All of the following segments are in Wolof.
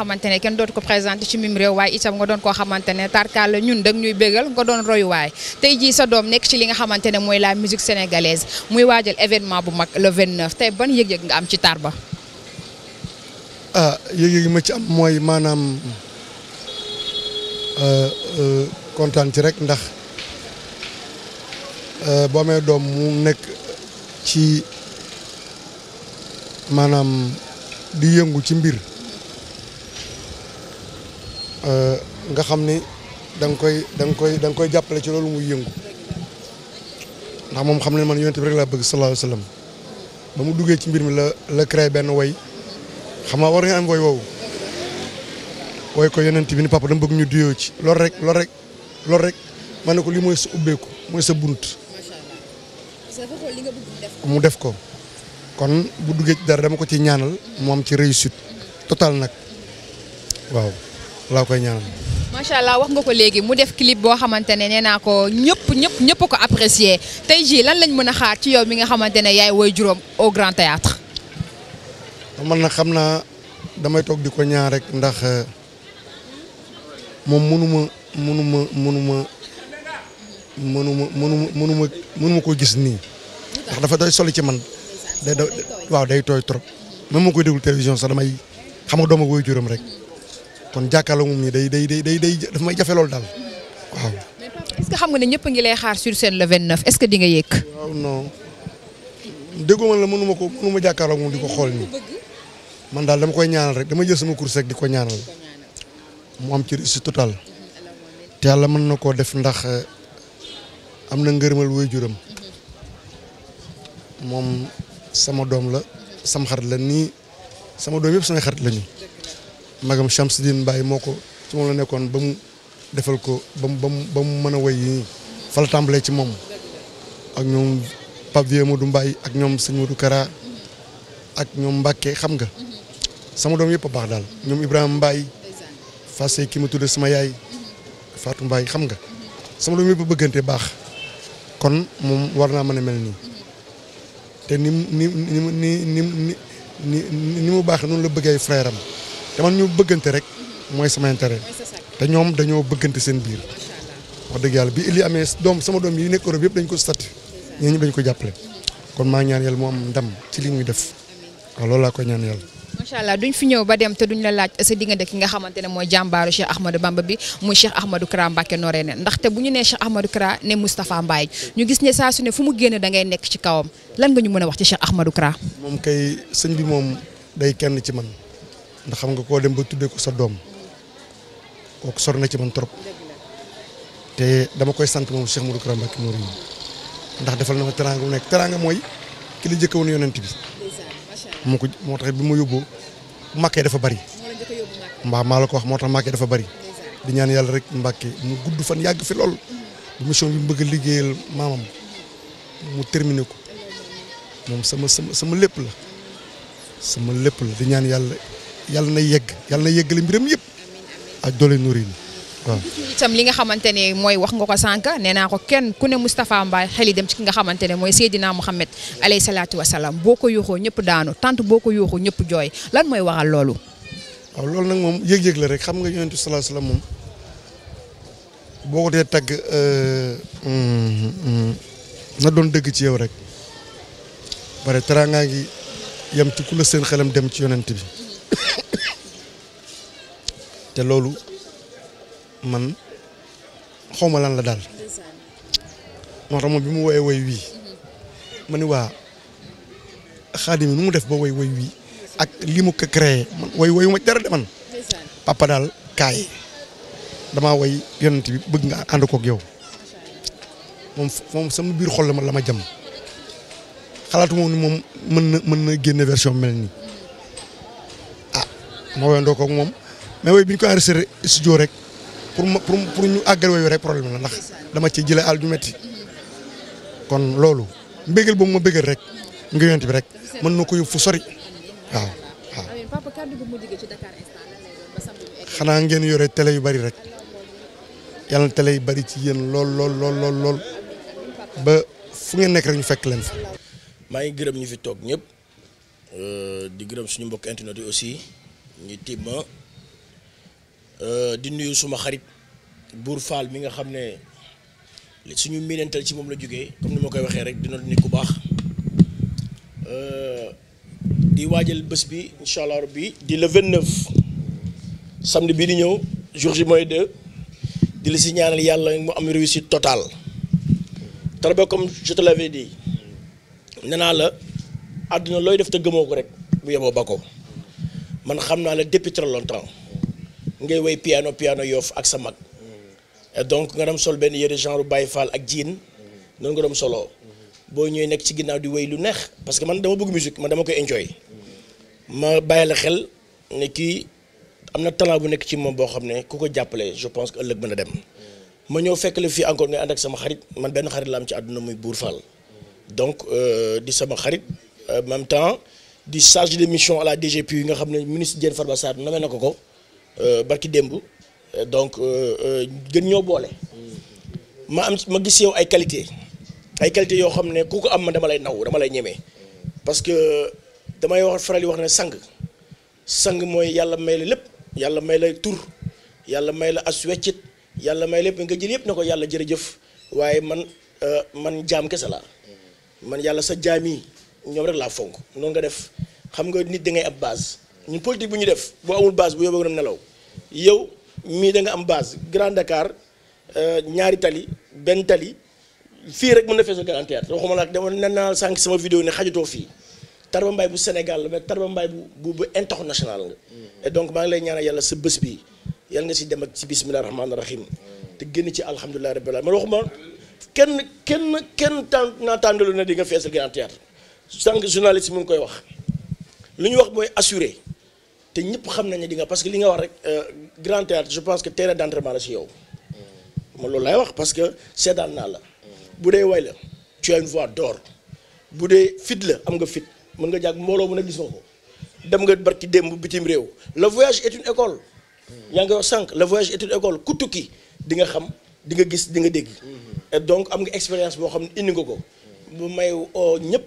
xamante ne kenn dootu présenté ci mim réew waaye itam nga doon koo xamante ne tarkaal ñun dag ñuy bégal nga doon royuwaay tey jii sa doom nekk ci li nga xamante ne mooy la musique sénégalaise muy waajal événement bu mag le 29 tey ban yëg nga am ci tar ba ah, yëg-yëg ma ci am mooy maanaam euh, euh, kontaan rek ndax euh, boo amee doom mu nekk ci maanaam di yëngu ci mbir Euh, nga xam ni danga koy da koy da koy jàppale ci loolu mu yëngu ndax moom xam ne man yonent bi rek laa bëgg sallallahu alayhi wa ba mu duggee ci mbir mi la la créé benn woy xam nga war nga koy woy woy ko yonent bi ni papa dama bëgg ñu duyoo ci loolu rek loolu rek loolu rek ma ne ko li mooy sa ubbeeku mooy sa bunt mu def ko kon bu duggee ci dara dama ko ci ñaanal moom ci réussite total nag waaw laa koy ñaanal. macha allah wax nga ko léegi mu def clip boo xamante ne nee naa ko ñëpp ñëpp ñëpp ko apprécier tey jii lan lañ mën xaar ci yow mi nga xamante yaay woy juróom au grand théâtre man na xam damay toog di ñaan rek ndax euh, moom mënuma mënuma mënuma mënuma mënuma mënuma mënuma ko gis nii ndax dafa doy soli ci man waaw day tooy trop même ma koy télévision sax damay xam nga dooma woy juróom rek kon jàkkaarloo moom nii day day day day daf may jafe loolu daal waaw. est ce que nga ne ñëpp ngi lay xaar sur scène le 29 est ce que di nga yéeg. waaw non déggoo man la mënu ma ko mënu ma jàkkaarloo moom di ko xool nii man daal dama koy ñaanal rek dama jël sama course rek di ko ñaanal mu am ci réussite totale te yàlla mën na koo def ndax eh, am na ngërëmal juram moom sama doom la sama xarit la nii sama doom yëpp samay xarit la ñu. magam Chamsidine Mbaye moo ko ci moom la nekkoon ba mu defal ko ba mu ba mu mën a woy yi fa tàmbalee ci moom ak ñoom Pape Vieux Modou Mbaye ak ñoom sëñ Modou Kara ak ñoom Mbacke xam nga sama doom yëpp a baax daal ñoom Ibrahima Mbaye Fassé ki ma tudde sama yaay Fatou Mbaye xam nga sama doom yëpp a bëggante baax kon moom war naa mën a mel nii te ni ni nii ni ni ni mu baax noonu la bëggee frère am te man ñu bëggante rek mooy sama intérêt te ñoom dañoo bëggante seen biir wax dëgg yàlla bi Ely amee dom sama doom yi nekk Europe yëpp dañ ko statut ñooñu dañ ko jàppale kon maa ñaan yàlla mu am ndam ci li muy def waaw loolu laa koy ñaan yàlla. macha allah duñ fi ñëw ba dem te duñ la laaj sa diggante ki nga xamante ne mooy Cheikh Ahmadou Bamba bi muy Cheikh Ahmadou Kara Mbacké Noreyni ndaxte bu ñu nee Cheikh Ahmadou Kara ne Mustafa Mbaye ñu gis ne saa su ne fu mu génn da ngay nekk ci kawam lan nga ñu mën wax ci Cheikh Ahmadou Kara. moom kay sëñ bi moom day kenn ci man ndax xam nga koo dem ba tuddee ko sa doom kooku sor na ci man trop te dama koy sant moom Cheikh Modou Kara Mbacké Noreyni ndax defal na ma teraanga mu nekk teraanga mooy ki la jëkk woon yonent bi moo ko moo tax bi ma yóbbu Mbacké dafa bari mbaa maa la ko wax moo tax Mbacké dafa bari di ñaan yàlla rek Mbacké mu gudd fan yàgg fi lool bu mission bi mu bëgg a mu terminé ko moom sama sama sama la sama lépp la di ñaan yàlla yàlla na yegg yàlla na yeggale mbiram yëpp ak doole nurin waaw itam li nga xamante ne mooy wax nga ko sànq nee naa ko kenn ku ne Moustapha Mbaye xel yi dem ci ki nga xamante ne mooy Seydina Mouhamed alayhi salaatu wasalaam boo ko yuuxoo ñëpp daanu tant boo ko yuuxoo ñëpp jooy lan mooy waral loolu waaw loolu nag moom yëg-yëg la rek xam nga yonent salaa salaam moom boo ko dee tagg euh, mm, mm, na doon dëgg ci yow rek bare teraanga ngi yem ci ku la seen xelam dem ci yonent bi mhm. loolu man xaw ma lan la daal moom bi mu woyee woy wii ma ni waa xaadim nu mu def ba woy woy wii ak li mu ko woy woyu ma dara de man papa daal kaay damaa woy yonent bi bëgg nga ànd koog yow moom moom sama biir xol la ma la ma jam xalaatu moom ni moom mën na mën na génne version mel nii ah ma woyandoo koog moom mais way bi ñu ko enregistré studio rek pour pour pour ñu àggal way rek problème la ndax dama ci jëlee àll kon loolu mbégal boobu ma bégal rek nga yonent bi rek mën na ko yóbbu fu sori waaw waaw. ngeen yore télé yu bari rek yàlla na yu bari ci yéen lool lool lool lool lool ba fu ngeen nekk rek ñu fekk leen fa. maa ngi gërëm ñu fi toog ñëpp euh, di gërëm suñu mbokk internet aussi ñu tibb Euh, di nuyu suma xarit Bour Fall mi nga xam ne suñu miinantal ci moom la jógee comme ni ma koy waxee rek dina nit ku baax euh, di waajal bés bi incha allah rabbi di vingt 29 samedi bii di ñëw jour ji mooy deux di la si ñaanal yàlla mu am réussite totale tarba comme je te l'avais la àdduna looy def te gëmoo ko rek bu yeboo ba ko man xam naa la depuis très ngay way piano piano yof ak sa mag donc nga dem sol ben yere genre Baye Fall ak jean non nga dem solo bo ñoy nek ci ginnaw di way lu neex parce que man dama bëgg musique man dama koy enjoy ma baye la xel ne kii am talent bu nek ci mom bo xam ne ku ko jàppale je pense que ëllëg mëna dem ma ñëw fekk le fi encore ngay ànd ak sama xarit man ben xarit la am ci aduna muy Buur Fall donc euh, di sama xarit euh, en même temps di charge de mission à la DGPU yi nga xam ministre Diène Farba Sarr namé na ko ko Euh, barki démb euh, donc euh, gën ñoo boole ma am ma gis yow ay qualité ay qualité yoo xam ne ku ko am ma dama lay naw dama lay ñemee parce que damay wax faral yi wax ne sang sang mooy yàlla may la lépp yàlla may la tur yàlla may la as weccit yàlla may lépp nga jël yëpp na ko yàlla jërëjëf waaye man man jaam kese laa man yàlla sa jaam yi rek laa fonk noonu nga def xam nga nit da ngay ab base ñun politique bu ñu def boo amul base bu yóbboo dem nelaw yow mii da nga am base Grand Dakar euh, ñaari tali benn tali fii rek mën na feesal Grand Théâtre waxuma la dama nen naa sànq sama vidéo ne xajutoo fii Tarba Mbaye bu Sénégal la mais Tarba bu bu bu international nga mm. et donc maa ngi lay ñaanal yàlla sa bés bi yàlla nga si dem ak si bisimilah rahmaani rahim mm. te génn ci alhamdulilah rabbil alamin man waxuma kenn kenn kenn tan naa tàndalu na di nga feesal Grand Théâtre sànq journaliste mu ngi koy wax lu ñu wax mooy assuré. te ñëpp xam nañ ne di nga parce que li nga wax rek euh, grand théâtre je pense que terrain d'entraînement la si yow ma loolu lay wax parce que seetaan naa la bu way la tu as une voix d'or bu fit la am nga fit mën nga jàg mbooloo mën a gis nga ko dem nga barki démb bitim réew le voyage est une école yaa ngi wax sànq le voyage est une école ku tukki di nga xam di nga gis di nga dégg et donc am nga expérience boo xam ne indi nga ko bu may oo ñëpp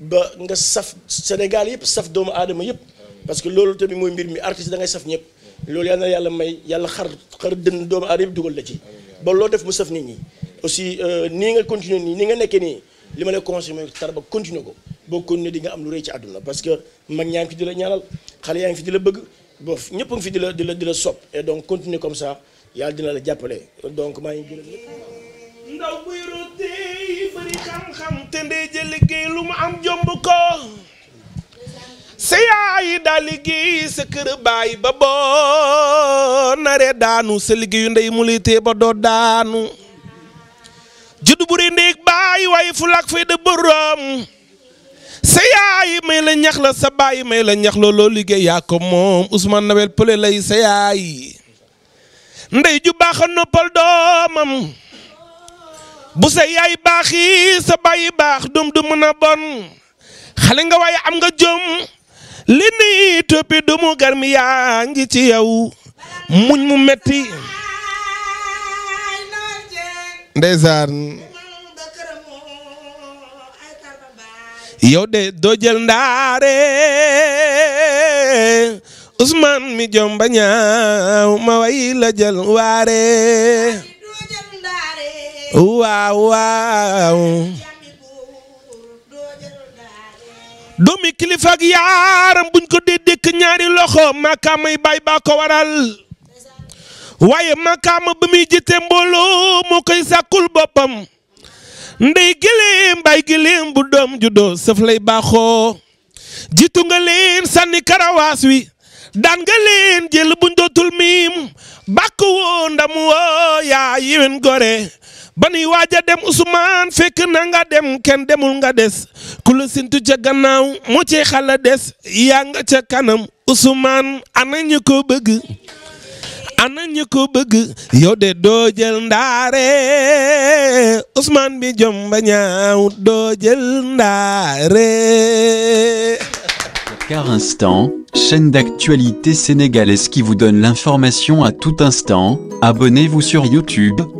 ba nga saf Sénégal yëpp saf doomu aadama yëpp parce que loolu tamit mooy mbir mi artiste da ngay saf ñëpp loolu yal na yàlla may yàlla xar xar dënn doomu aadama yëpp dugal la ci ba loo def mu saf nit ñi aussi euh, nii nga continuer nii ni nga nekkee nii li ma lay conseillé mooy Tarba continuer ko boo continuer di nga am lu rëy ci àdduna parce que mag ñaa ngi di la ñaanal xale yaa ngi fi di la bëgg bof ñëpp a ngi fi di la di la di la sopp et donc continuer comme ça yàlla dina la jàppale donc maa ngi gërëm ñëpp xam te ndey ja liggéey lu mu am jomb ko sa daa liggéey sa kër baay ba boo naree daanu sa liggéeyu ndey mu lay tee ba doo daanu judd bu rey ndéeg baay waaye fu lak fay da borom sa may la ñax la sa baay may la ñax looloo liggéey ko moom Ousmane Nawel Pële lay sa ndey ju a noppal doomam bu sa yaay baaxi sa bàyyi baax dum du mën a bon xale nga waaye am nga jom li nii toppi dumu garmi yaa ngi ci yow muñ mu metti ndeysaan yow de doo jël ndaare Ousmane mi jom ba ma way la jël waare waaw waaw doomi kilifa ak yaaram buñ ko dee dékk ñaari loxo makaamay baay baa ko waral waaye makaama ba muy jite mbolo, moo koy sàkkul boppam ndey gilem baay gëléem bu doom juddoo sëf lay baaxoo jiitu nga leen sànni karawaas wi daan nga jël buñ ndam ya gore Bani nuy Ousuman dem Ousmane fekk na nga dem ken demul nga des ku sintu ja gannaaw mo ci xala des ya nga ca kanam Ousmane ana ko bëgg ana ko bëgg yow de do jël ndaare Ousmane bi jom bañaaw do jël Car Instant, chaîne d'actualité sénégalaise qui vous donne l'information à tout instant. Abonnez-vous sur YouTube